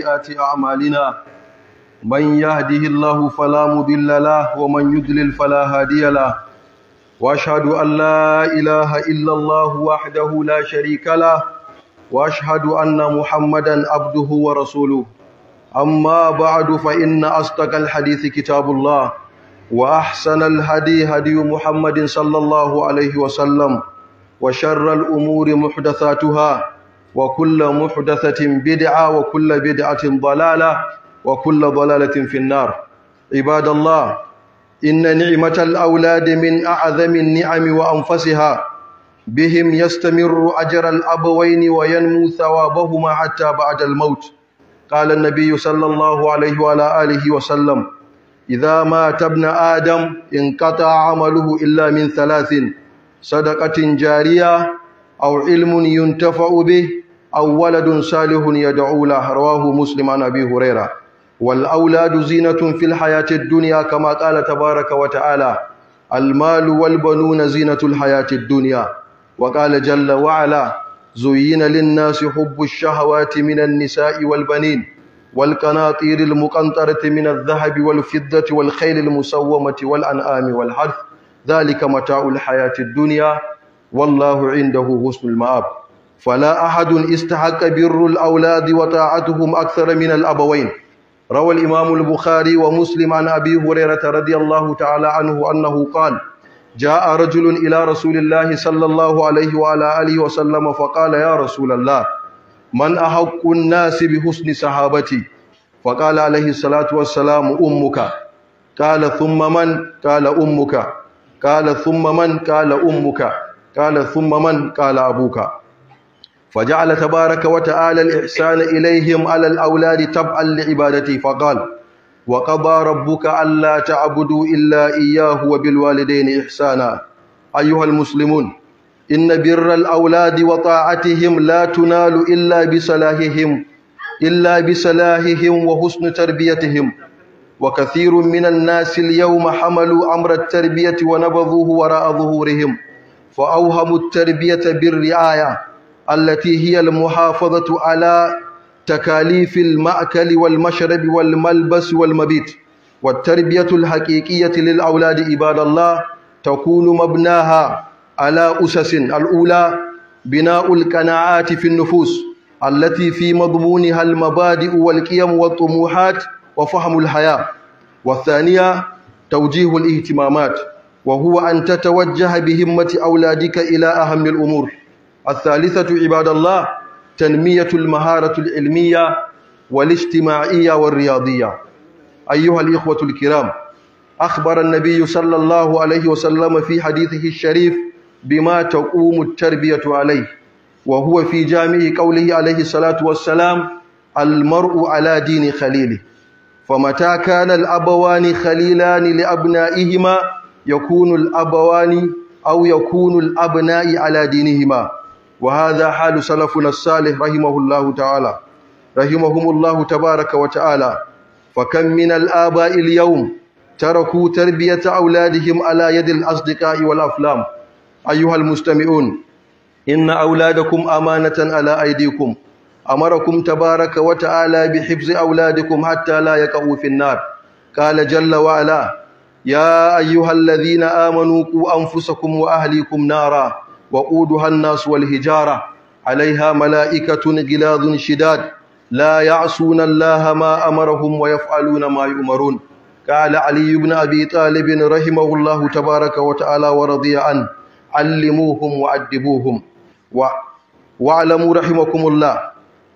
سيئات أعمالنا من يهده الله فلا مضل له ومن يضلل فلا هادي له واشهد ان لا اله الا الله وحده لا شريك له واشهد ان محمدا عبده ورسوله اما بعد فان اصدق الحديث كتاب الله واحسن الهدي هدي محمد صلى الله عليه وسلم وشر الامور محدثاتها wa kulla muhdathatin bid'a wa kulla bid'atin dalala wa kulla dalalatin fin nar ibadallah inna ni'matal auladi min a'zami ni'ami wa anfasiha bihim yastamirru ajral abawayni wa 'yan yanmu thawabahuma hatta ba'da al maut qala an nabiy sallallahu alayhi wa sallam idha ma tabna adam inqata 'amaluhu illa min thalathin sadaqatin jariyah aw ilmun yuntafa'u ube. أو ولد صالح يدعو له رواه مسلم عن أبي هريرة والأولاد زينة في الحياة الدنيا كما قال تبارك وتعالى المال والبنون زينة الحياة الدنيا وقال جل وعلا زين للناس حب الشهوات من النساء والبنين والقناطير المقنطرة من الذهب والفضة والخيل المسومة والأنعام والحرث ذلك متاع الحياة الدنيا والله عنده حسن المآب فلا أحد استحق بر الأولاد وطاعتهم أكثر من الأبوين روى الإمام البخاري ومسلم عن أبي هريرة رضي الله تعالى عنه أنه قال جاء رجل إلى رسول الله صلى الله عليه وعلى آله وسلم فقال يا رسول الله من أحق الناس بحسن صحابتي فقال عليه الصلاة والسلام أمك قال ثم من قال أمك قال ثم من قال أمك قال ثم من قال أبوك فجعل تبارك وتعالى الإحسان إليهم على الأولاد تبعا لعبادته فقال وقضى ربك ألا تعبدوا إلا إياه وبالوالدين إحسانا أيها المسلمون إن بر الأولاد وطاعتهم لا تنال إلا بصلاحهم إلا بصلاحهم وحسن تربيتهم وكثير من الناس اليوم حملوا أمر التربية ونبذوه وراء ظهورهم فأوهموا التربية بالرعاية التي هي المحافظة على تكاليف المأكل والمشرب والملبس والمبيت والتربية الحقيقية للأولاد عباد الله تكون مبناها على أسس الأولى بناء القناعات في النفوس التي في مضمونها المبادئ والقيم والطموحات وفهم الحياة والثانية توجيه الاهتمامات وهو أن تتوجه بهمة أولادك إلى أهم الأمور الثالثة عباد الله تنمية المهارة العلمية والاجتماعية والرياضية أيها الإخوة الكرام أخبر النبي صلى الله عليه وسلم في حديثه الشريف بما تقوم التربية عليه وهو في جامع قوله عليه الصلاة والسلام المرء على دين خليله فمتى كان الأبوان خليلان لأبنائهما يكون الأبوان أو يكون الأبناء على دينهما وهذا حال سلفنا الصالح رحمه الله تعالى رحمهم الله تبارك وتعالى فكم من الآباء اليوم تركوا تربية أولادهم على يد الأصدقاء والأفلام أيها المستمعون إن أولادكم أمانة على أيديكم أمركم تبارك وتعالى بحفظ أولادكم حتى لا يقعوا في النار قال جل وعلا يا أيها الذين آمنوا قوا أنفسكم وأهليكم نارا وقودها الناس والهجارة عليها ملائكة غلاظ شداد لا يعصون الله ما أمرهم ويفعلون ما يؤمرون قال علي بن أبي طالب رحمه الله تبارك وتعالى ورضي عنه علموهم وأدبوهم و... واعلموا رحمكم الله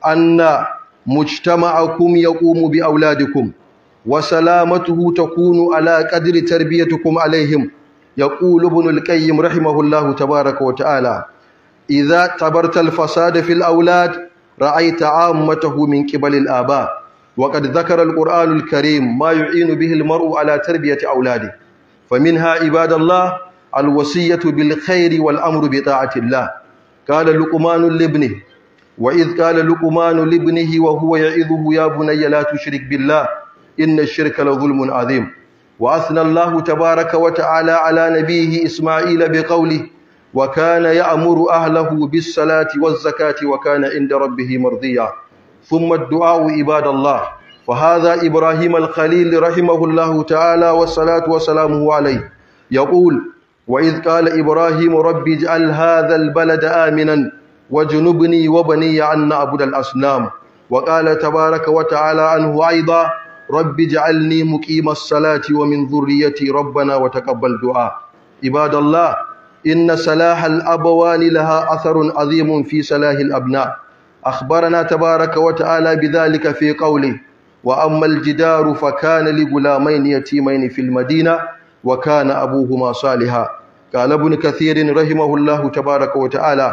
أن مجتمعكم يقوم بأولادكم وسلامته تكون على قدر تربيتكم عليهم يقول ابن القيم رحمه الله تبارك وتعالى إذا تبرت الفساد في الأولاد رأيت عامته من قبل الآباء وقد ذكر القرآن الكريم ما يعين به المرء على تربية أولاده فمنها عباد الله الوصية بالخير والأمر بطاعة الله قال لقمان لابنه وإذ قال لقمان لابنه وهو يعظه يا بني لا تشرك بالله إن الشرك لظلم عظيم وأثنى الله تبارك وتعالى على نبيه إسماعيل بقوله وكان يأمر أهله بالصلاة والزكاة وكان عند ربه مرضيا ثم الدعاء عباد الله فهذا إبراهيم الخليل رحمه الله تعالى والصلاة وسلامه عليه يقول وإذ قال إبراهيم رب اجعل هذا البلد آمنا وجنبني وبني أن نعبد الأصنام وقال تبارك وتعالى عنه أيضا rabbi ja'alni muqimas salati wa min dhurriyyati rabbana wa taqabbal du'a ibadallah inna salahal abawani laha atharun azimun fi salahil abna akhbarana tabaarak wa ta'ala bidhalika fi qawli wa amma aljidaru fa kana li gulamayn yatimayn fil madina wa kana abuhuma saliha qala ibn kathirin rahimahullahu tabaarak wa ta'ala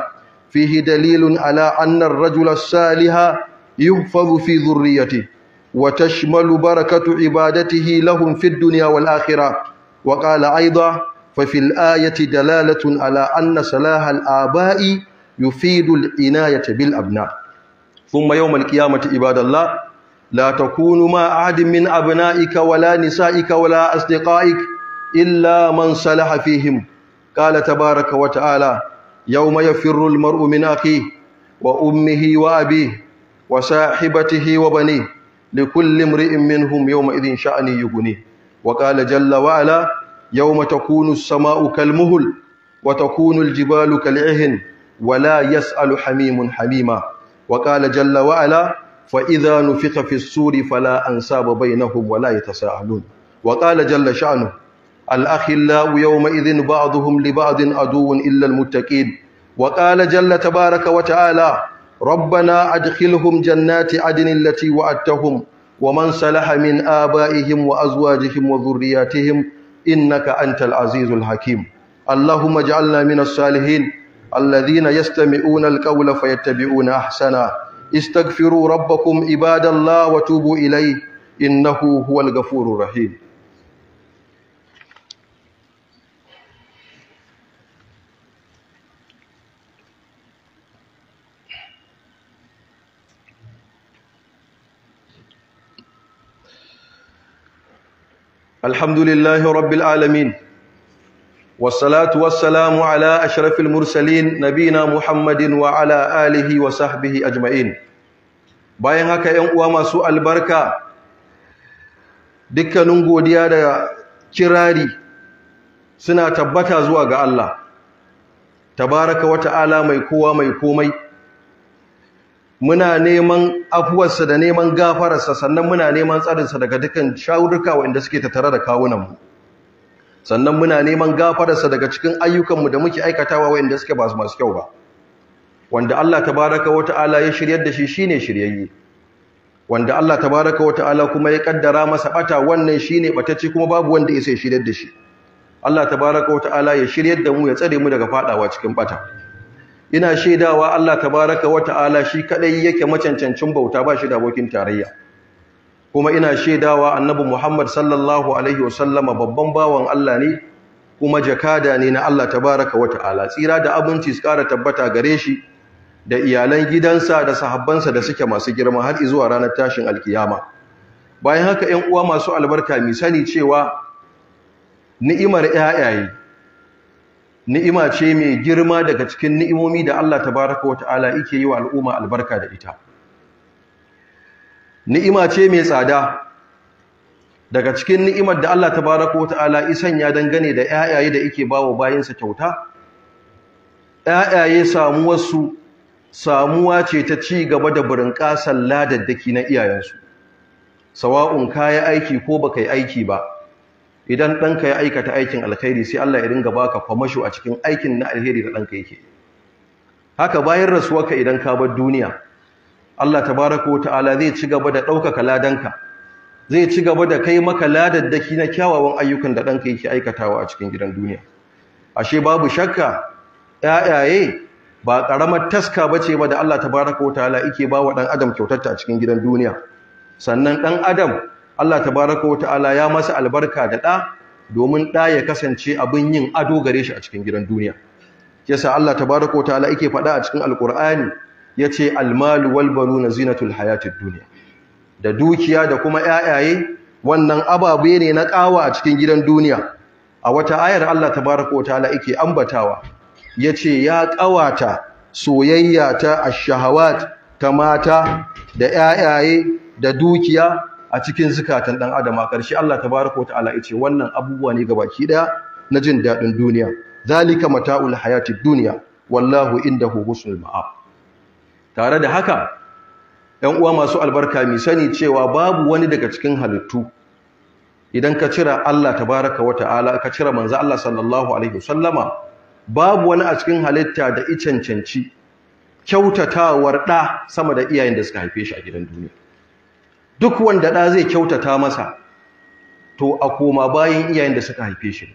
fihi dalilin ala anna ar-rajula salihan yuhfazu fi dhurriyyatihi وتشمل بركة عبادته لهم في الدنيا والآخرة وقال أيضا ففي الآية دلالة على أن صلاح الآباء يفيد العناية بالأبناء ثم يوم القيامة عباد الله لا تكون ما أحد من أبنائك ولا نسائك ولا أصدقائك إلا من صلح فيهم قال تبارك وتعالى يوم يفر المرء من أخيه وأمه وأبيه وصاحبته وبنيه لكل امرئ منهم يومئذ شأن يغنيه وقال جل وعلا يوم تكون السماء كالمهل وتكون الجبال كالعهن ولا يسأل حميم حميما وقال جل وعلا فإذا نفخ في السور فلا أنساب بينهم ولا يتساءلون وقال جل شأنه الأخلاء يومئذ بعضهم لبعض عدو إلا المتقين وقال جل تبارك وتعالى ربنا أدخلهم جنات عدن التي وعدتهم ومن صلح من آبائهم وأزواجهم وذرياتهم إنك أنت العزيز الحكيم اللهم اجعلنا من الصالحين الذين يستمعون القول فيتبعون أحسنا استغفروا ربكم عباد الله وتوبوا إليه إنه هو الغفور الرحيم Alhamdulillahi Rabbil Alamin, wasalatu wasalamu ala a sharafin Mursalin, nabina Muhammadin wa ala alihi wa sahbihi ajma'in. Bayan haka 'yan uwa masu albarka dukkanin godiya da kirari suna tabbata zuwa ga Allah, tabaraka wata ala mai kowa mai komai. muna neman afuwarsa da neman gafararsa sannan muna neman tsarinsa daga dukkan shawurka waɗanda suke tattare da kawunanmu sannan muna neman gafararsa daga cikin ayyukanmu da muke aikatawa waɗanda suke basu masu kyau ba wanda Allah tabaraka wa ta'ala ya shiryar da shi shine shiryayye wanda Allah tabaraka wa ta'ala kuma ya kaddara masa bata wannan shine batacce kuma babu wanda ya sai shiryar da shi Allah tabaraka wa ta'ala ya shiryar da mu ya tsare mu daga fadawa cikin bata ina shaidawa Allah tabaraka wa ta'ala shi kadai yake macancancin bauta ba shi da abokin tarayya kuma ina shaidawa annabi Muhammad sallallahu alaihi wasallama babban bawan Allah ne kuma jakada ne na Allah tabaraka wa ta'ala tsira da abinci su kara tabbata gare shi da iyalan gidansa da sahabbansa da suke masu girma har zuwa ranar tashin alkiyama bayan haka 'yan uwa masu albarka mi sani cewa ni'imar 'ya'yaye ni'ima ce mai girma daga cikin ni'imomi da Allah tabaraka wa yake yi wa al'umma albarka da ita ni'ima ce mai tsada daga cikin ni'imar da Allah tabaraka wa isan ya dangane da 'ya'yaye da yake bawa bayansa kyauta Ya'yaye samuwarsu samuwa ce ta ci gaba da burinƙasar ladaddaki na iyayensu sawa'un kayi aiki ko baka yi aiki ba idan ɗanka ya aikata aikin alkhairi sai Allah ya dinga baka kwamasho a cikin aikin na alheri da ɗanka yake haka bayan rasuwarka idan ka bar duniya Allah tabaraka ta'ala zai ci gaba da ɗaukaka ladanka zai ci gaba da kai maka ladaddaki na kyawawan ayyukan da ɗanka yake aikatawa a cikin gidan duniya ashe babu shakka ƴaƴaye ba ƙaramar taska ba ce ba da Allah tabaraka ta'ala yake ba wa ɗan adam kyautatta a cikin gidan duniya sannan ɗan adam Allah tabaraka wa ta'ala ya masa albarka da ɗa domin ɗa ya kasance abin yin ado gare shi a cikin gidan duniya yasa Allah tabaraka wa ta'ala yake faɗa a cikin alqur'ani yace almalu wal banuna zinatul hayatid duniya. da dukiya da kuma ƴaƴaye wannan ababe ne na ƙawa a cikin gidan duniya a wata ayar Allah tabaraka wa ta'ala yake ambatawa yace ya ƙawata soyayya ta ash-shahawat ta mata da ƴaƴaye da dukiya a cikin zukatan dan adam a ƙarshe Allah tabaraka wa ta'ala yace wannan abubuwa ne gabaki daya na jin daɗin duniya zalika mata'ul hayatid dunya wallahu indahu husnul ma'ab tare da haka ɗan uwa masu albarka mai sani cewa babu wani daga cikin halittu idan ka cira Allah tabaraka wa ta'ala ka cira manzo Allah sallallahu alaihi wasallama babu wani a cikin halitta da icancanci kyautatawar ɗa sama da iyayen da suka haife shi a gidan duniya duk wanda ɗa zai kyautata masa to a koma bayan iyayen da suka haife shi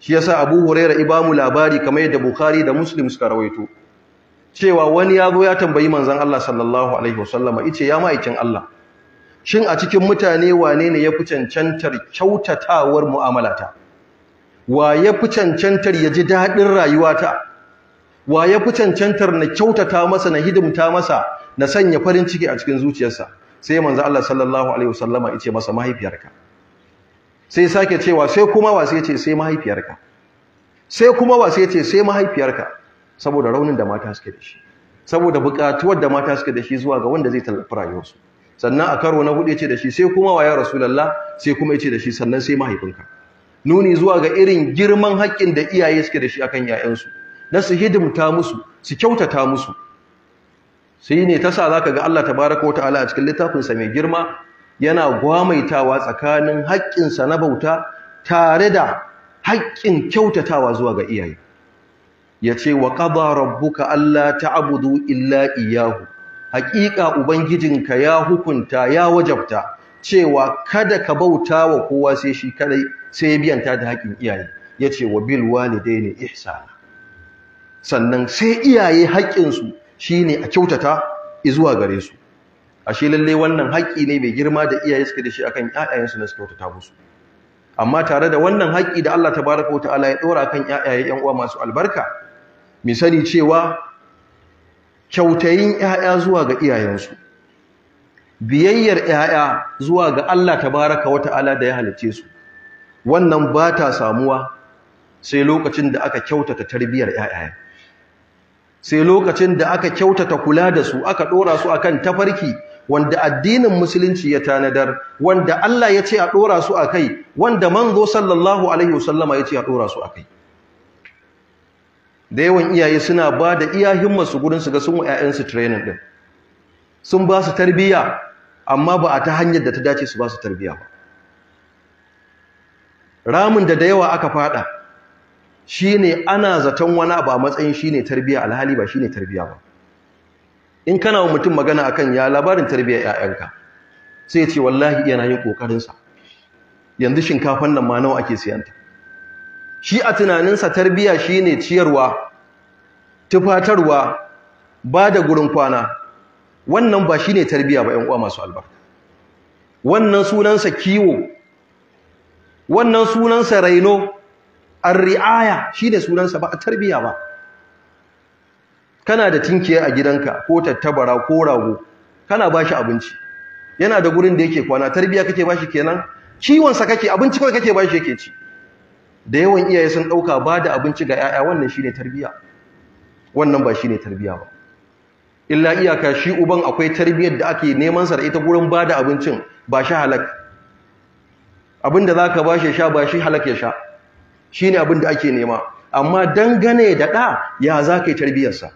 shi yasa abu huraira ibamu labari kamar yadda bukhari da muslim suka rawaito cewa wani ya zo ya tambayi manzan Allah sallallahu alaihi wasallama yace ya ma'aikin Allah shin a cikin mutane wane ne ya fi cancantar kyautatawar mu'amalata wa ya fi cancantar ya ji daɗin rayuwata wa ya fi cancantar na kyautata masa na hidimta masa na sanya farin ciki a cikin zuciyarsa sai manzo Allah sallallahu alaihi wasallama yace masa mahaifiyarka sai sake cewa sai kuma wa sai yace sai mahaifiyarka sai kuma wa sai yace sai mahaifiyarka saboda raunin da mata suke da shi saboda buƙatuwar da mata suke da shi zuwa ga wanda zai tallafi rayuwarsu sannan a karo na hudu yace da shi sai kuma wa ya rasulullah sai kuma yace da shi sannan sai mahaifinka nuni zuwa ga irin girman haƙƙin da iyaye suke da shi akan 'ya'yansu na su hidimta musu su kyautata musu sai ne ta sa za ka ga Allah tabaraka wa ta'ala a cikin littafinsa mai girma yana gwamaitawa tsakanin haƙƙinsa na bauta tare da haƙƙin kyautatawa zuwa ga iyaye ya ce wa ƙaba rabbuka Allah ta'abudu illa iyahu haƙiƙa ubangijin ka ya hukunta ya wajabta cewa kada ka bauta wa kowa sai shi kadai sai biyanta da haƙƙin iyaye ya ce wa bil walidaini ihsana sannan sai iyaye haƙƙinsu Shi ne a kyautata zuwa gare su ashe lalle wannan haƙƙi ne mai girma da iyaye suke da shi akan ƴaƴayensu na su kyautata musu amma tare da wannan haƙƙi da Allah Ta baraka wa ta'ala ya ɗora kan ƴaƴaye ƴan uwa masu albarka mi sani cewa kyautayin ƴaƴa zuwa ga iyayensu biyayyar ƴaƴa zuwa ga Allah Ta baraka wa ta'ala da ya halice su wannan ba ta samuwa sai lokacin da aka kyautata tarbiyyar ƴaƴayen sai lokacin da aka kyautata kula da su aka dora su akan tafarki wanda addinin musulunci ya tanadar wanda Allah ya ce a dora su akai wanda manzo sallallahu alaihi wasallama ya ce a dora su akai da yawan iyaye suna ba da iya su gurin su ga sun 'ya'yansu training din sun ba su tarbiyya amma ba a ta hanyar da ta dace su ba su tarbiyya ba ramin da da yawa aka fada shine ana zaton wani ba matsayin shine tarbiya alhali ba shine tarbiya ba in kana wa mutum magana akan ya labarin tarbiya 'ya'yanka, sai ce wallahi yana yin ƙoƙarinsa. yanzu shinkafan nan ma nawa ake siyanta shi a tunaninsa tarbiya shine ciyarwa tufatarwa ba da gurin kwana wannan ba shine tarbiya ba 'yan uwa masu albarka wannan sunansa kiwo wannan sunansa raino arri'aya shi ne sunansa ba a tarbiya ba kana da tinkiya a gidanka ko tattabara ko rago kana bashi abinci yana da gurin da yake kwana tarbiya kake bashi kenan ciwon sa kake abinci kawai kake bashi yake ci da yawan iyaye sun ɗauka ba da abinci ga yaya wannan shi ne tarbiya wannan ba shi ne tarbiya ba illa iyaka shi uban akwai tarbiyar da ake neman sa da ita gurin ba da abincin ba shi halak abinda ka ba ya sha ba shi halak ya sha Shi ne abin da ake nema amma dangane da ɗa ya za ka yi tarbiyyarsa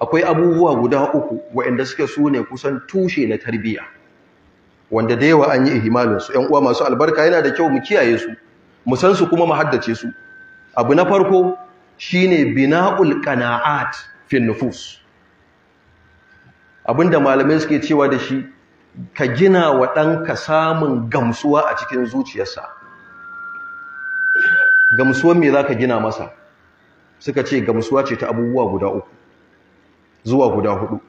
akwai abubuwa guda uku waɗanda suke su ne kusan tushe na tarbiyya wanda da yawa an yi ihimalinsu ‘yan uwa masu albarka yana da kyau mu kiyaye su mu san su kuma mu haddace su abu na farko shi ne bina'ul ƙana'at fi nufus da malamai suke cewa da shi ka gina wa ɗanka samun gamsuwa a cikin zuciyarsa gamsuwan me zaka gina masa suka ce gamsuwa ce ta abubuwa guda uku zuwa guda hudu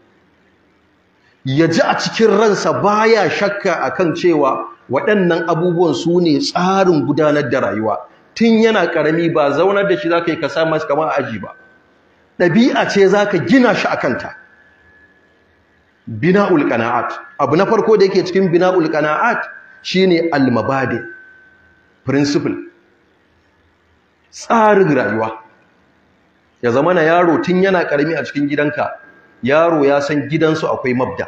ya ji a cikin ransa baya shakka akan cewa waɗannan abubuwan su ne tsarin gudanar da rayuwa tun yana ƙarami ba zaunar da shi za ka yi ka masu kama aji ba ɗabi'a ce zaka gina shi a kanta bina'ul ƙana'at abu na farko da yake cikin bina'ul ƙana'at shine ne almabade principle tsarin rayuwa ya zama na yaro tun yana karami a cikin gidanka yaro ya san gidansu akwai mabda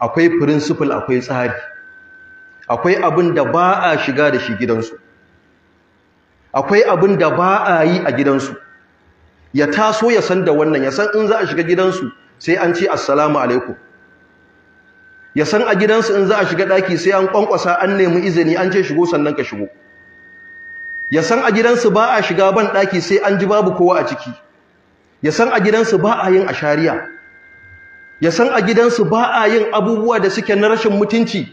akwai principle akwai tsari akwai abin da ba a shiga da shi gidansu akwai abin da ba a yi a gidansu ya taso ya san da wannan ya san in za a shiga gidansu sai an ce assalamu alaikum ya san a gidansu in za a shiga daki sai an kwankwasa an nemi izini an ce shigo sannan ka shigo ya san a gidansu ba a shiga ban ɗaki sai an ji babu kowa a ciki ya san a gidansu ba a yin ashariya ya san a gidansu ba a yin abubuwa da suke na rashin mutunci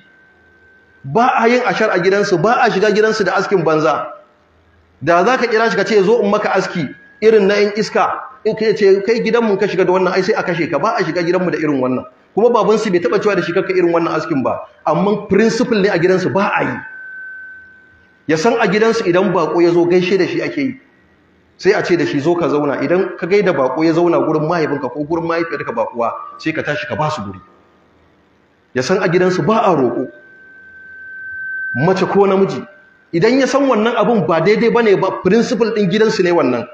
ba a yin ashar a gidansu ba a shiga gidansu da askin banza da za ka kira shi ka ce zo in maka aski irin na yin iska in ka ce kai gidanmu ka shiga da wannan ai sai a kashe ka ba a shiga gidanmu da irin wannan kuma babansu bai taɓa cewa da shi kakka irin wannan askin ba amma principle ne a gidansu ba a yi ya san a gidansu idan bako ya zo gaishe da shi ake yi sai a ce da shi zo ka zauna idan ka gaida bako ya zauna gurin mahaifinka ko gurin mahaifiyarka bakuwa sai ka tashi ka ba su guri ya san a gidansu ba a roƙo mace ko namiji idan ya san wannan abin ba daidai ba ne ba principle ɗin gidansu ne wannan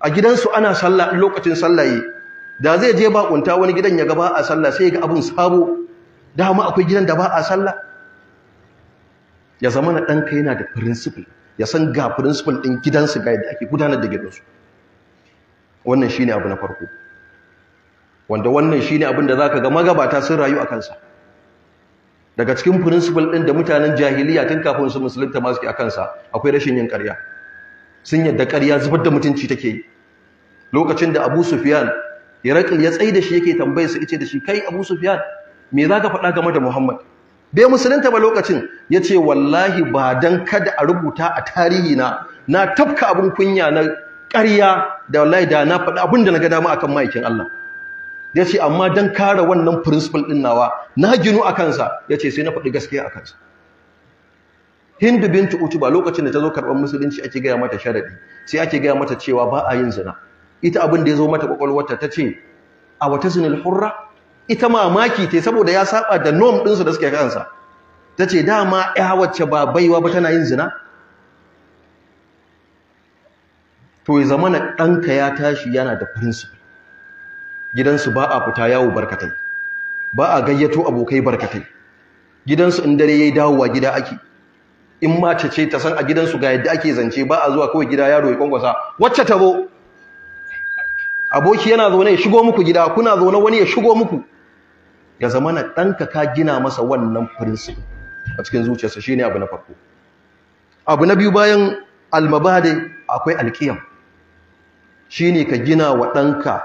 a gidansu ana sallah lokacin sallaye da zai je bakunta wani gidan ya ga ba a sallah sai ga abin sabo dama akwai gidan da ba a sallah ya zama na ɗanka yana da principle ya san ga principle ɗin gidansu ga yadda ake gudanar da gidansu wannan ne abu na farko wanda wannan shi ne abin da za ka ga magabata sun rayu a kansa daga cikin principle ɗin da mutanen jahiliya tun kafin su musulunta masu ke a kansa akwai rashin yin ƙarya sun yadda ƙarya zubar da mutunci take yi lokacin da Abu Sufyan irakil ya tsaye da shi yake tambayar su ice da shi kai Abu Sufyan me za ka faɗa game da Muhammad bai musulunta ba lokacin ya ce wallahi ba don kada a rubuta a tarihi na na tafka abin kunya na ƙarya da wallahi da na faɗi abin da na ga dama akan ma'aikin Allah ya ce amma don kare wannan principle ɗin nawa na ginu a kansa ya ce sai na faɗi gaskiya a kansa hindu bintu ba lokacin da ta zo karɓar musulunci ake gaya mata sharaɗi sai ake gaya mata cewa ba a yin zina ita abin da ya zo mata kwakwalwata ta ce a wata zinil hurra ita mamaki ta saboda ya saba da norm ɗinsu da suke kansa ta ce dama ya wacce ba baiwa ba tana yin zina to ya zama na ɗanka ya tashi yana da principle gidansu ba a fita yawo barkatai ba a gayyato abokai barkatai gidansu in dare ya yi dawowa gida ake in mace ce ta san a gidansu ga yadda ake zance ba a zuwa kawai gida yaro ya kwangwasa wacce tabo aboki yana zaune ya shigo muku gida kuna zaune wani ya shigo muku ya zama na ɗanka ka gina masa wannan principle a cikin zuciyarsa shine abu na farko abu na biyu bayan almabade akwai alkiyam Shi ne ka gina wa ɗanka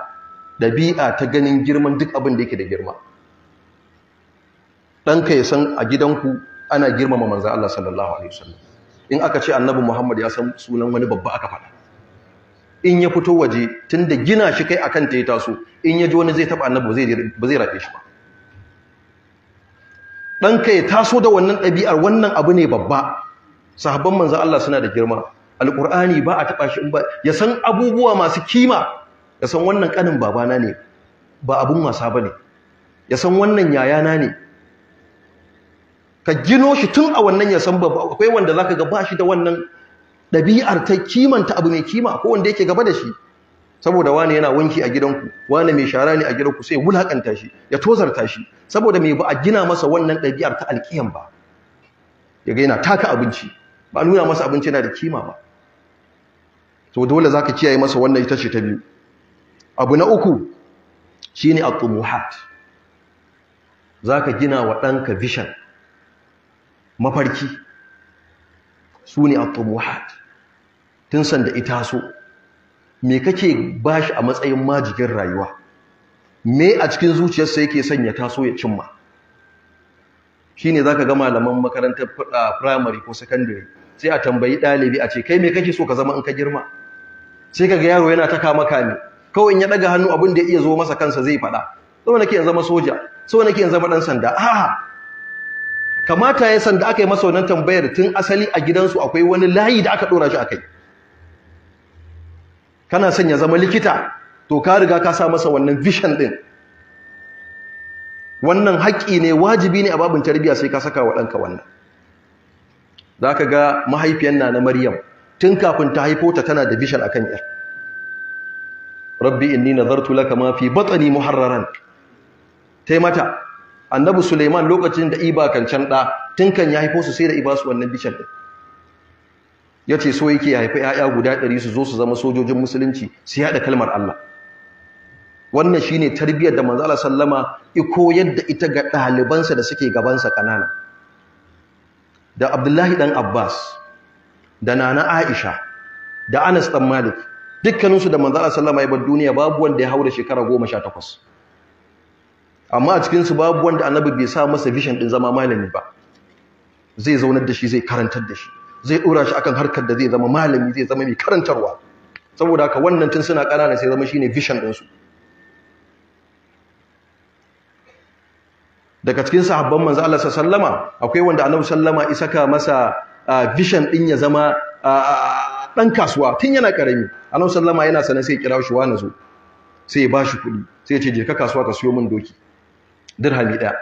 ɗabi'a ta ganin girman duk abin da yake da girma ɗanka ya san a gidanku ana girmama manzan Allah sallallahu alaihi wasallam in aka ce annabi Muhammad ya san sunan wani babba aka faɗa in ya fito waje tun da gina shi kai akan ta ya taso in ya ji wani zai taba annabi ba zai rafe shi ba ɗanka ya taso da wannan ɗabi'ar wannan abu ne babba sahabban manzan Allah suna da girma alƙur'ani ba a taɓa shi in ba ya san abubuwa masu kima ya san wannan ƙanin babana ne ba abin wasa ba ne ya san wannan yayana ne ka gino shi tun a wannan ya san babba akwai wanda za ka ga ba shi da wannan ɗabi'ar ta kimanta abu mai kima ko wanda yake gaba da shi saboda wani yana wanki a gidanku wani mai shara ne a gidanku sai wulakanta shi ya tozarta shi saboda mai ba a gina masa wannan ɗabi'ar ta alƙiyan ba ya gaina, taka abinci ba a nuna masa abinci yana da kima ba to dole za ka kiyaye masa wannan ita ce ta biyu abu na uku shi ne al za ka gina wa ɗanka vishan mafarki su ne a tumuhat tun sanda ita so me kake ba shi a matsayin majigin rayuwa me a cikin zuciyarsa yake son ya taso ya cimma Shi ne za ka ga malaman makarantar primary ko sakandare? sai a tambayi ɗalibi a ce kai me kake so ka zama in ka girma sai ga yaro yana ta kama kame kawai ya ɗaga hannu abin da ya iya zo masa kansa zai faɗa Sau nake in zama soja Sau nake in zama ɗan sanda a'a kamata ya sanda aka yi masa wannan tambayar tun asali a gidansu akwai wani layi da aka ɗora shi a kai kana son ya zama likita to ka riga ka sa masa wannan vision din wannan haƙƙi ne wajibi ne a babin tarbiyya sai ka saka wa ɗanka wannan za ka ga mahaifiyar na na maryam tun kafin ta haifo ta tana da vision akan yar rabbi inni nazartu laka ma fi batni muharraran tai mata annabi suleiman lokacin da iba kan can da tun kan ya haifo su sai da iba su wannan vision din ya ce so yake haifi ‘ya'ya guda ɗari su zo su zama sojojin musulunci su yaɗa kalmar Allah wannan shi ne tarbiyyar da manzala sallama iko yadda ita ga ɗalibansa da suke gabansa ƙanana da abdullahi ɗan abbas da nana aisha da anas ɗan malik dukkaninsu da manzala sallama ya bar duniya babu wanda ya hau da shekara goma sha takwas amma a cikinsu babu wanda annabi bai sa masa vision ɗin zama malami ba zai zaunar da shi zai karantar da shi zai ɗora shi akan harkar da zai zama malami zai zama mai karantarwa saboda haka wannan tun suna ƙanana sai zama shine vision din su daga cikin sahabban manzo Allah sallama akwai wanda Annabi sallama isaka masa vision din ya zama dan kasuwa tun yana karami Annabi sallama yana sanin sai kira shi wani zo sai ya bashi kuɗi sai ya ce je ka kasuwa ka siyo min doki dirhami ɗaya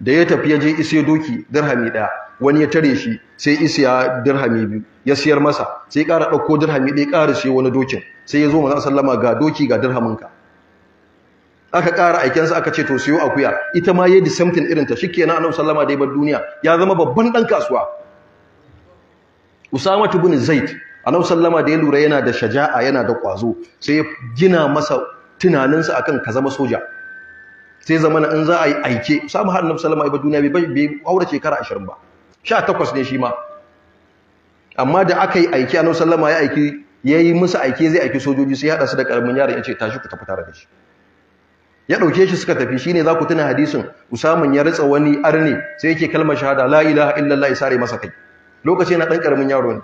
da ya tafi ya je isa doki dirhami ɗaya wani ya tare shi sai isiya dirhami biyu ya siyar masa sai ya ƙara ɗauko dirhami ɗaya ƙara sai wani dokin sai ya zo mazan sallama ga doki ga dirhaminka aka ƙara aikensa aka ce to siyo akuya ita ma yayi disamtin irin ta shikenan annabi sallama dai bar duniya ya zama babban dan kasuwa Usama ibn zait annabi sallama da ya lura yana da shaja'a yana da ƙwazo sai ya gina masa tunaninsa akan ka zama soja sai zamana in za a yi aike Usama har a sallama ya bar duniya bai haura shekara ashirin ba 18 ne shi ma amma da aka yi aiki annabi sallama ya aiki yayi musu aiki zai aiki sojoji sai ya hada su da karamin yaron yace tashi ku tafi tare da shi ya ɗauke shi suka tafi shine za ku tuna hadisin usaman ya ritsa wani arne sai yake kalmar shahada la ilaha illallah ya sare masa kai Lokaci na dan karamin yaro ne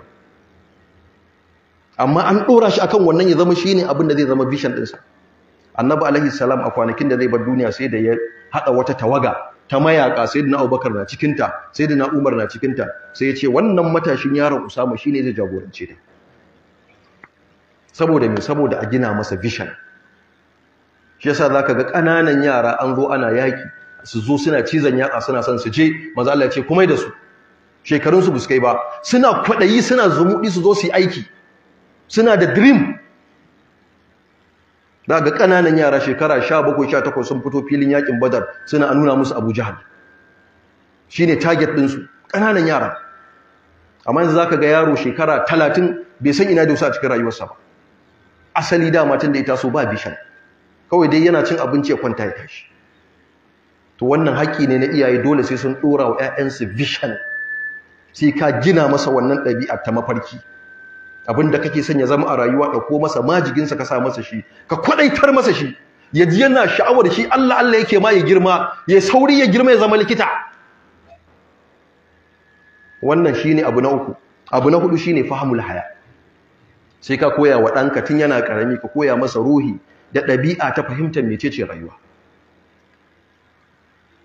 amma an ɗora shi akan wannan ya zama shine abin da zai zama vision ɗinsa. annabi alaihi salam a kwanakin da zai bar duniya sai da ya haɗa wata tawaga ta mayaka sai na Abubakar na sai sai na Umar na cikinta, sai ya ce wannan matashin yaron Usama shine zai jagorance da saboda me saboda a gina masa vishan shi yasa ka ga ƙananan yara an zo ana yaki su zo suna cizon yaka suna son su je maza Allah ce kuma da su shekarunsu su buskai ba suna kwaɗayi, suna zumuɗi su zo su yi aiki suna da dream na ga ƙananan yara shekara sha bakwai sha takwas sun fito filin yakin badar suna a nuna musu abu jihar shi ne target ɗinsu ƙananan yara amma yanzu za ka ga yaro shekara talatin bai san ina da wasu a cikin rayuwarsa ba asali dama tun da ya taso ba bishan kawai dai yana cin abinci ya kwanta ya tashi to wannan haƙƙi ne na iyaye dole sai sun ɗora wa 'ya'yansu bishan. sai ka gina masa wannan ɗabi'a ta mafarki abin da kake son ya zama a rayuwa ko masa sa ka sa masa shi ka kwaɗaitar masa shi ya ji yana sha'awar shi Allah Allah yake ma ya girma ya sauri ya girma ya zama likita wannan shine abu na uku abu na hudu shine fahimul haya sai ka koya wa ɗanka tun yana karami ka koya masa ruhi da ɗabi'a ta fahimtar mecece rayuwa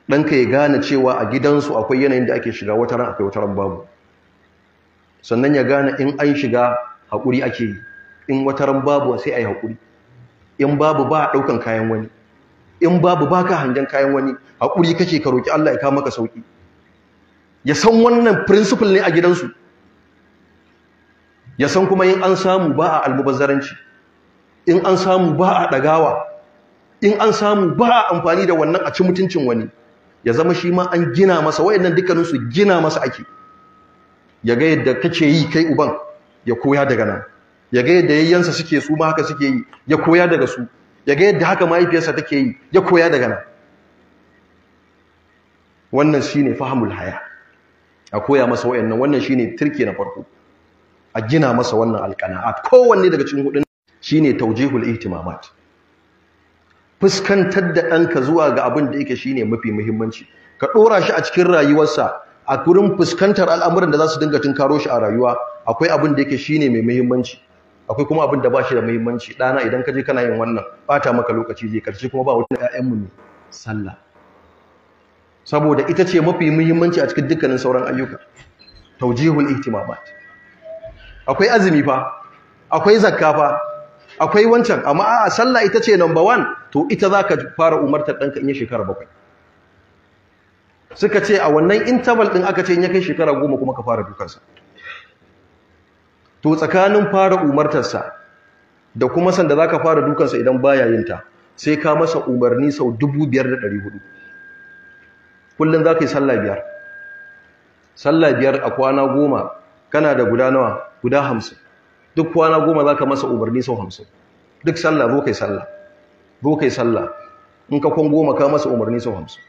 ɗanka ya gane cewa a gidansu akwai yanayin da ake shiga wataran akwai wataran babu sannan ya gane in an shiga haƙuri ake yi in wata ran babu sai a yi haƙuri in babu ba a ɗaukan kayan wani in babu ba ka hangen kayan wani haƙuri kake ka roƙi Allah ya kawo maka sauƙi ya san wannan principle ne a gidansu ya san kuma in an samu ba a almubazzaranci in an samu ba a ɗagawa in an samu ba a amfani da wannan a ci mutuncin wani ya zama shi ma an gina masa wayannan dukkaninsu gina masa ake ya ga yadda kake yi kai uban ya koya daga nan ya ga yadda yayyansa suke su ma haka suke yi ya koya daga su ya ga yadda haka mahaifiyarsa take yi ya koya daga nan wannan shine fahimul haya a koya masa wayannan wannan shine turke na farko a gina masa wannan alqanaat kowanne daga cikin hudun shine tawjihul ihtimamat fuskantar da ɗanka zuwa ga abin da yake shine mafi muhimmanci ka ɗora shi a cikin rayuwarsa a kurin fuskantar al'amuran da za su dinga tunkaro shi a rayuwa akwai abin da yake shine mai muhimmanci akwai kuma abin da ba shi da muhimmanci ɗana idan ka je kana yin wannan ɓata maka lokaci zai karshe kuma ba wata ƴaƴanmu ne sallah saboda ita ce mafi muhimmanci a cikin dukkanin sauran ayyuka taujihul ihtimamat akwai azumi fa akwai zakka fa akwai wancan amma a'a sallah ita ce number 1 to ita zaka fara umartar ɗanka in ya shekara bakwai suka ce a wannan interval din aka ce in ya kai shekara goma kuma ka fara dukansa to tsakanin fara umartarsa da kuma sanda za ka fara dukansa idan ba yin ta sai ka masa umarni sau 5,400 kullum za ka yi sallah biyar sallah biyar a kwana goma kana da guda nawa guda hamsin duk kwana goma za ka masa umarni sau hamsin duk sallah zo ka yi sallah zo ka yi sallah in ka kwan goma ka masa umarni sau hamsin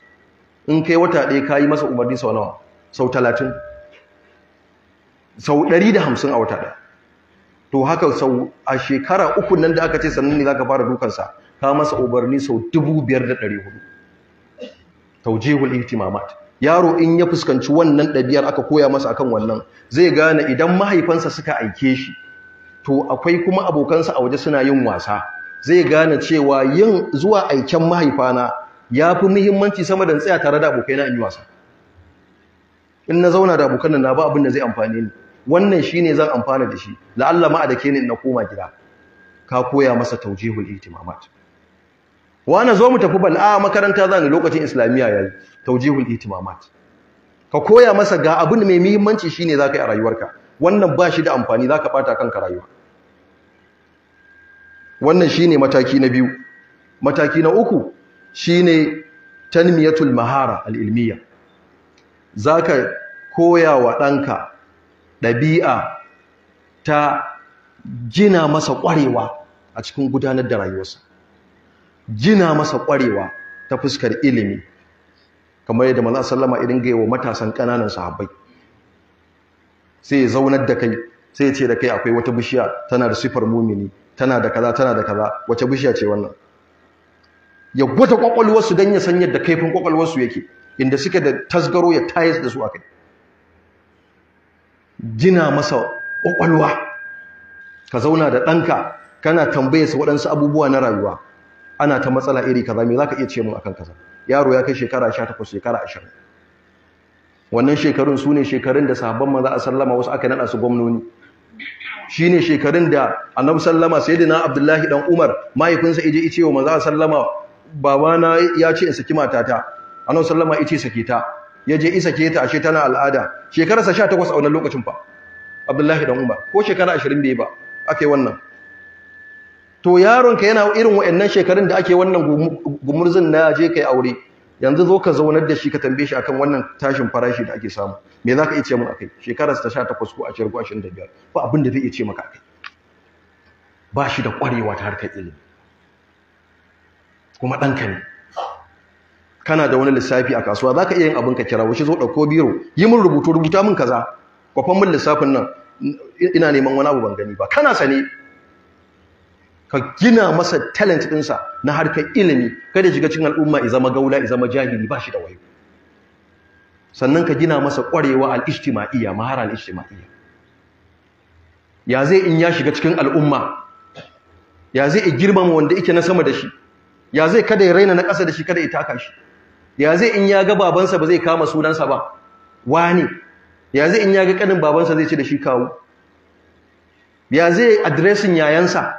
in kai wata ɗaya ka yi masa umarni sau nawa sau talatin sau ɗari da hamsin a wata ɗaya to haka sau a shekara uku nan da aka ce sannan ne za ka fara dukansa ka masa umarni sau dubu biyar da ɗari hudu taujihul ihtimamat yaro in ya fuskanci wannan ɗabi'ar aka koya masa akan wannan zai gane idan mahaifansa suka aike shi to akwai kuma abokansa a waje suna yin wasa zai gane cewa yin zuwa aiken mahaifana ya fi muhimmanci sama da tsaya tare da abokaina in yi wasa in na zauna da abokan nan na ba abin da zai amfane ni wannan shi ne zan amfana da shi la'alla ma a dake ni na koma gida ka koya masa taujihul itimamat wa na zo mu tafi A makaranta zan lokacin islamiyya yayi taujihul itimamat ka koya masa ga abin mai muhimmanci shi ne za ka yi a rayuwarka wannan ba shi da amfani za ka bata kanka rayuwa wannan shi ne mataki na biyu mataki na uku shine tanmiyatul mahara al'ilmiya za ka koya wa ɗanka ɗabi'a ta gina masa ƙwarewa a cikin gudanar da rayuwarsa gina masa ƙwarewa ta fuskar ilimi kamar yadda maza sallama irin gaiwa matasan ƙananan sahabbai sai ya zaunar da kai sai ya ce da kai akwai wata bishiya tana da sifar mumini tana da kaza tana da kaza wace bishiya ce wannan ya gwata kwakwalwarsu don ya san yadda kaifin kwakwalwarsu yake inda suke da tasgaro ya tayas da su a kai gina masa kwakwalwa ka zauna da ɗanka kana tambayarsa waɗansu abubuwa na rayuwa ana ta matsala iri kaza me za ka iya ce mun akan kaza yaro ya kai shekara sha takwas shekara ashirin wannan shekarun su ne shekarun da sahabban maza a sallama wasu aka naɗa su gwamnoni shi ne shekarun da annabi sallama sai abdullahi dan umar mahaifinsa ije ice wa maza a sallama babana ya ce in saki matata annabi sallama yace sake ta yaje isa ke ta ashe tana al'ada shekararsa 18 a wannan lokacin fa Abdullahi dan Umar ko shekara 20 bai ba Ake wannan to yaron ka yana irin wayannan shekarun da ake wannan gumurzin na je kai aure yanzu zo ka zaunar da shi ka tambaye shi akan wannan tashin farashi da ake samu me zaka iya ce mu akai shekararsa 18 ko 20 ko 25 ba abin da zai iya ce maka akai ba shi da kwarewa ta harkar ilimi kuma ɗanka ne kana da wani lissafi a kasuwa za ka iya yin abin ka kira wasu zo ɗauko biro yi min rubutu rubuta min kaza kwafan min lissafin nan ina neman wani abu ban gani ba kana sane ka gina masa talent ɗinsa na harkar ilimi kada shiga cikin al'umma i zama gaula i zama jahili ba shi da wayo sannan ka gina masa ƙwarewa al'ishtima'iyya mahara al'ishtima'iyya ya zai in ya shiga cikin al'umma ya zai girmama wanda ike na sama da shi ya zai kada ya raina na ƙasa da shi kada ya taka shi ya zai in ya ga babansa ba zai kama sunansa ba wani ya zai in ya ga kanin babansa zai ce da shi kawo ya zai adiresin yayansa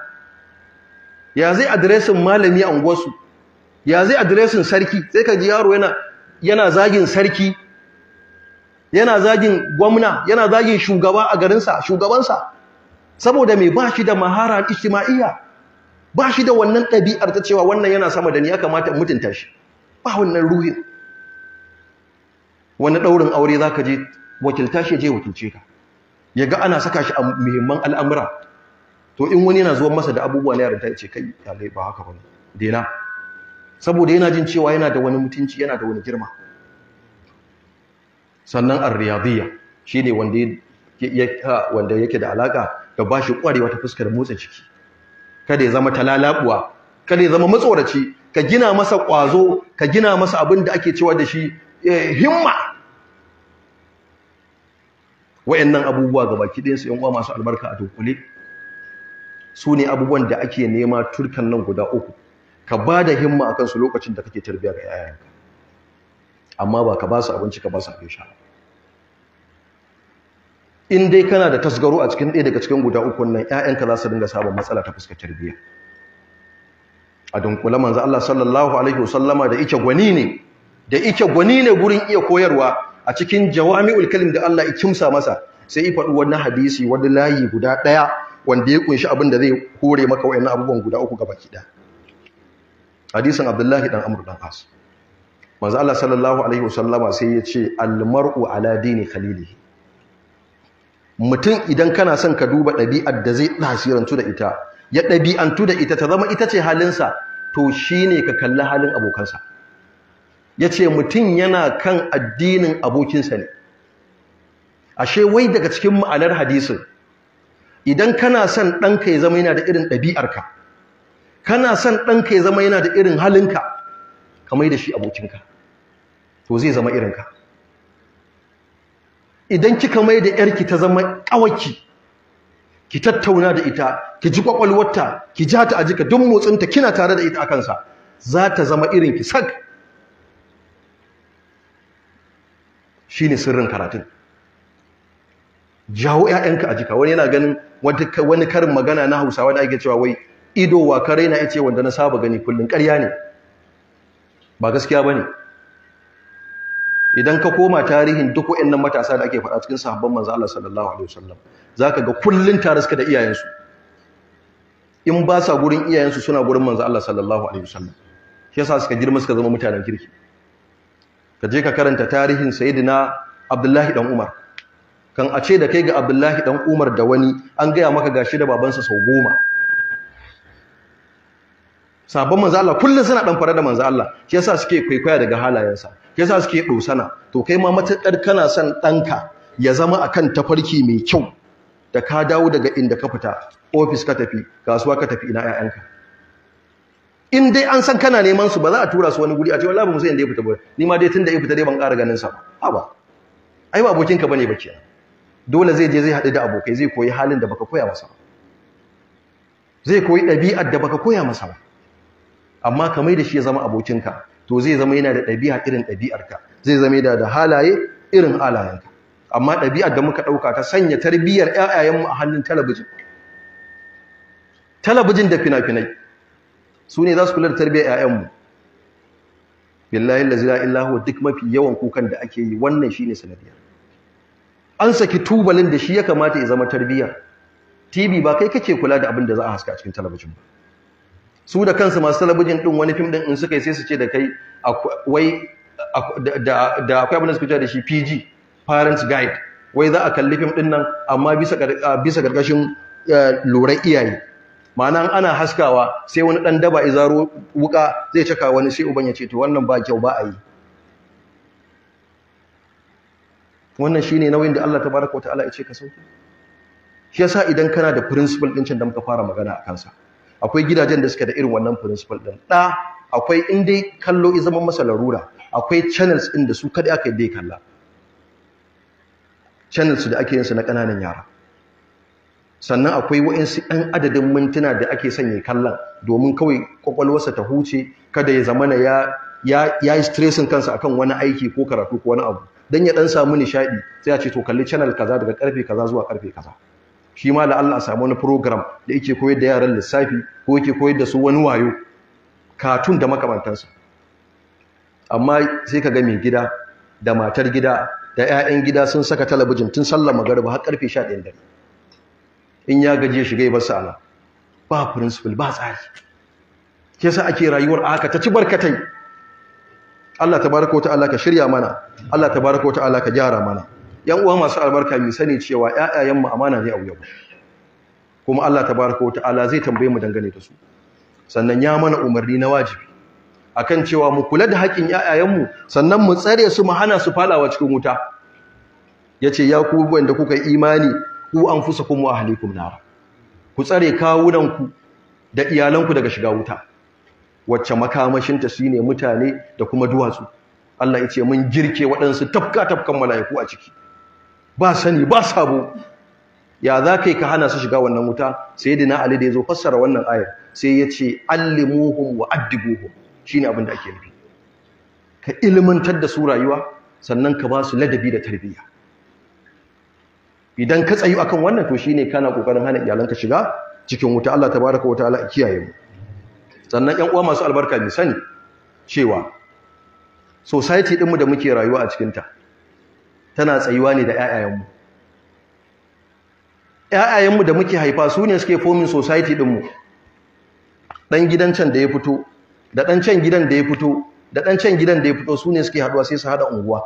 ya zai adiresin malami a unguwarsu ya zai adiresin sarki sai ka ji yaro yana zagin sarki yana zagin gwamna yana zagin shugaba a garinsa shugabansa saboda mai ba shi da mahara ijtima'iyya ba shi da wannan ɗabi'ar ta cewa wannan yana sama da ni ya kamata mutunta shi ba wannan ruhin wani ɗaurin aure za ka je wakilta shi je wakilce ka ya ga ana saka shi a muhimman al'amura to in wani yana zuwa masa da abubuwa na yarinta ya ce kai lai ba haka wani dena saboda yana jin cewa yana da wani mutunci yana da wani girma sannan ar shi ne wanda yake da alaka da shi kwarewa ta fuskar motsa ciki kada ya zama talalabuwa kada ya zama matsoraci ka gina masa ƙwazo ka gina masa abin da ake cewa da shi eh, himma wayannan abubuwa gabaki ɗayan su yan uwa masu albarka a dunkule su ne abubuwan da ake nema turkan nan guda uku ka ba da himma a kansu lokacin da kake tarbiya ga yayanka amma ba ka ba su abinci ka ba su abin sha in dai kana da tasgaro a cikin ɗaya daga cikin guda uku nan ƴaƴanka za su dinga samun matsala ta fuskar tarbiyya a dunkule manzo Allah sallallahu alaihi wasallama da ike gwani ne da ike gwani ne gurin iya koyarwa a cikin jawami'ul kalim da Allah ya kimsa masa sai i faɗi wani hadisi wani layi guda ɗaya wanda ya kunshi abin da zai kore maka wayannan abubuwan guda uku gaba ki hadisin Abdullahi dan Amr dan As manzo Allah sallallahu alaihi wasallama sai ya ce al mar'u ala dini mutum idan kana son ka duba ɗabi'ar da zai tasirantu da ita ya ɗabi'antu da ita ta zama ita ce halinsa to shi ne ka kalli halin abokansa ya ce mutum yana kan addinin abokinsa ne ashe wai daga cikin ma'anar hadisin idan kana son ɗanka ya zama yana da irin ɗabi'arka kana son ɗanka ya zama yana da irin halinka ka mai da shi abokinka to zai zama irinka idan kika mai da yarki ta zama kawaki ki tattauna da ita ki ji kwakwalwarta ki ji hata a jika duk motsinta kina tare da ita akan sa za ta zama irin ki sak shine sirrin karatun jawo ƴaƴanka a jika wani yana ganin wani karin magana na Hausawa da ake cewa wai ido wa kare na yace wanda na saba gani kullun ƙarya ne ba gaskiya bane idan ka koma tarihin duk waɗannan matasa da ake faɗa cikin sahabban manzo Allah sallallahu alaihi wasallam zaka ga kullun tare suka da iyayensu in ba sa gurin iyayensu suna gurin manzo Allah sallallahu alaihi wasallam shi yasa suka girma suka zama mutanen kirki ka je ka karanta tarihin sayyidina Abdullahi dan Umar kan a ce da kai ga Abdullahi dan Umar da wani an gaya maka gashi da babansa sau goma sabon manzo Allah kullun suna dan fara da manzo Allah shi yasa suke kwaikwaya daga halayensa yasa suke ɗosana, to kai ma matakar kana son ɗanka ya zama a kan tafarki mai kyau da ka dawo daga inda ka fita ofis ka tafi kasuwa ka tafi ina ƴaƴanka in dai an san kana neman su ba za a tura su wani guri a ce wallahi ba mu inda ya fita ba ni ma dai tunda ya fita dai ban ƙara ganin sa ba haba ai ba abokinka bane ba kenan dole zai je zai haɗu da abokai zai koyi halin da baka koya masa ba zai koyi ɗabi'ar da baka koya masa ba amma ka mai da shi ya zama abokinka to zai zama yana da ɗabi'a irin ɗabi'arka zai zama yana da halaye irin halayenka amma ɗabi'ar da muka ɗauka ta sanya tarbiyyar ƴaƴayenmu a hannun talabijin talabijin da fina-finai su ne za su kula da tarbiyyar ƴaƴanmu billahi allazi la ilaha duk mafi yawan kukan da ake yi wannan ne sanadiyar an saki tubalin da shi ya kamata ya zama tarbiyyar. tv ba kai kake kula da abin da za a haska cikin talabijin ba su da kansu masu talabijin din wani fim din in suka yi sai su ce da kai wai da akwai abin da suka ce da shi PG parents guide wai za a kalli fim din nan amma bisa ƙarƙashin e, lura iyaye ma'ana ana haskawa sai wani dan daba izaro wuka zai caka wani sai uban ya ce to wannan ba kyau ba a yi wannan shine nauyin da Allah tabaraka wa ta'ala ya ce ka sauke shi yasa idan kana da principle din can da muka fara magana a kansa akwai gidajen da suka da irin wannan principle din da akwai in dai kallo ya zama masa larura akwai channels din da su kada aka dai kalla channels da ake yin su na kananan yara sannan akwai wa'insu ɗan adadin mintuna da ake sanya kallon domin kawai kwakwalwarsa ta huce kada ya zama ya ya yi stressin kansa akan wani aiki ko karatu ko wani abu don ya ɗan samu nishaɗi sai a ce to kalli channel kaza daga karfe kaza zuwa karfe kaza shi ma da Allah a sami wani program da yake koyar da yaran lissafi ko yake koyar da su wani wayo katun da makamantansa amma sai ka ga mai gida da matar gida da 'ya'yan gida sun saka talabijin tun sallar ba har karfe 11 da in ya gaje shiga ya barsa ana ba principle ba tsari ke sa ake rayuwar haka ta ci barkatai Allah tabaraka wa ta'ala ka shirya mana Allah tabaraka wa ta'ala ka gyara mana yan uwa masu albarka mai sani cewa ƴaƴayen mu amana ne a wuyan kuma Allah Ta baraka wata ala zai tambaye mu dangane da su sannan ya mana umarni na wajibi akan cewa mu kula da haƙin ƴaƴayen mu sannan mu tsare su mu hana su falawa cikin wuta ya ce ya ku wanda kuka imani ku an kuma a halikun nara ku tsare kawunan ku da iyalanku daga shiga wuta wacce makamashinta ne mutane da kuma duwatsu Allah ya ce mun girke waɗansu tafka tafkan mala'iku a ciki ba sani ba sabo ya za ka yi ka hana su shiga wannan wuta sai dina ali da ya zo fassara wannan ayar sai ya ce allimuhum wa addibuhum shine abin da ake nufi ka ilmantar da su rayuwa sannan ka ba su ladabi da tarbiyya idan ka tsayu akan wannan to shine kana kokarin hana iyalanka shiga cikin wuta Allah tabaraka wa ta'ala kiyaye mu sannan ƴan uwa masu albarka mi sani cewa society mu da muke rayuwa a cikin ta tana tsayuwa ne da ƴaƴayenmu ƴaƴayenmu da muke haifa su ne suke fomin society ɗinmu ɗan gidan can da ya fito da ɗan can gidan da ya fito da ɗan can gidan da ya fito su ne suke haɗuwa sai su haɗa unguwa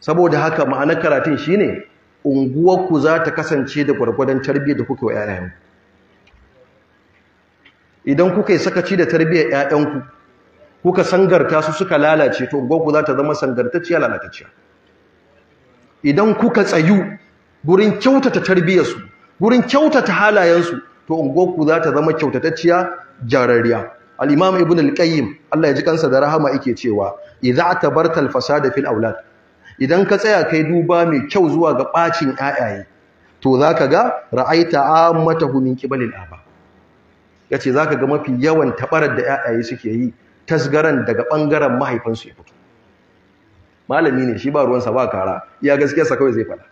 saboda haka ma'anar karatun shi shine unguwarku za ta kasance da gwargwadon tarbiyyar da kuke wa 'ya'yanku idan kuka yi sakaci da tarbiyyar 'ya'yanku kuka sangarta su suka lalace to unguwarku za ta zama sangartacciya lalatacciya idan kuka tsayu gurin kyautata tarbiyyarsu gurin kyautata halayensu to unguwarku za ta zama kyautatacciya jarariya al-imam ibn al-qayyim Allah ya ji kansa da rahama yake cewa idza tabartal fasada fil aulad idan ka tsaya kai duba mai kyau zuwa ga bacin ayaye to zaka ga ra'aita ammatahu min qibalil aba yace zaka ga mafi yawan tabarar da ayaye suke yi tasgaran daga ɓangaren mahaifinsu ya fito malami ne shi ba ruwansa ba kara Ya gaskiyarsa kawai zai fada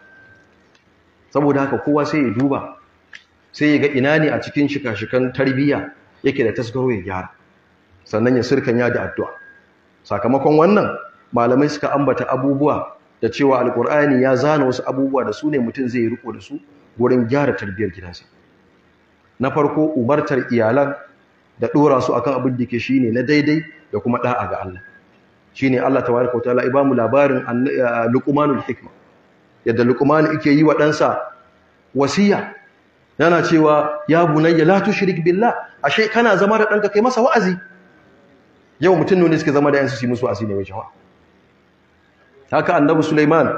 saboda haka kowa sai ya duba sai ya ga ina ne a cikin shika-shikan tarbiyya yake da tasgaro ya gyara sannan ya ya da addu'a sakamakon wannan malamai suka ambata abubuwa da cewa alkur'ani ya zana wasu abubuwa da su ne mutum zai riko da su wurin gyara tarbiyyar gidansa na farko umartar iyalan da dora su akan abin da ke shine na daidai da kuma da'a ga Allah shine Allah tabaraka wa ta'ala ibamu labarin luqmanul hikma yadda luqman yake yi wa ɗansa wasiya yana cewa ya bunayya la tushrik billah ashe kana zama da ɗanka kai masa wa'azi yau mutum ne suke zama da yansu su musu wa'azi ne mai haka annabi Sulaiman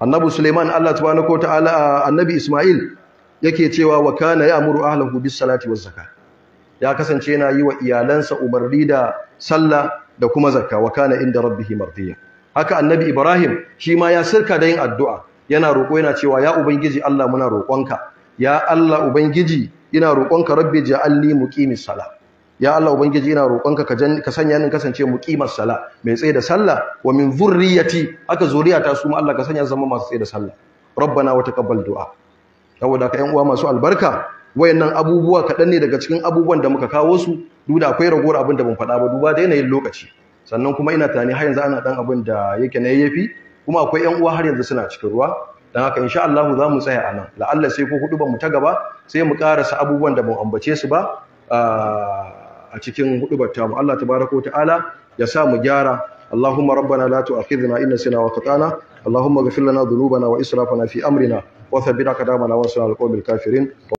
annabi Sulaiman Allah tabaraka wa ta'ala annabi Isma'il yake cewa wa kana ya'muru ahlahu bis salati waz zakat ya kasance yana yi wa iyalansa umarni da sallah da kuma zakka wa kana inda rabbihi martiya haka annabi ibrahim shi ma ya sirka da yin addu'a yana roƙo yana cewa ya ubangiji Allah muna roƙonka ya Allah ubangiji ina roƙonka rabbi ja'alni muqimi sala ya Allah ubangiji ina roƙonka ka sanya ni kasance muqimi sala mai tsaye da sallah wa min zurriyati haka zuriyata su ma Allah ka sanya zama masu tsaye da sallah rabbana wa taqabbal du'a saboda ka yan uwa masu albarka wayannan abubuwa kaɗan ne daga cikin abubuwan da muka kawo su duk da akwai ragowar abin da ban faɗa ba duba da yanayin lokaci sannan kuma ina tunani har yanzu ana ɗan abin da yake na yayyafi kuma akwai ƴan uwa har yanzu suna cikin ruwa dan haka insha Allah za mu tsaya a nan la'alla sai ko hudu ba mu ta gaba sai mu karasa abubuwan da ban ambace su ba a cikin ta tamu Allah tabaraka ta'ala ya sa mu gyara اللهم ربنا لا تؤاخذنا إن نسينا وخطأنا اللهم اغفر لنا ذنوبنا وإسرافنا في أمرنا وثبت أقدامنا وانصرنا على القوم الكافرين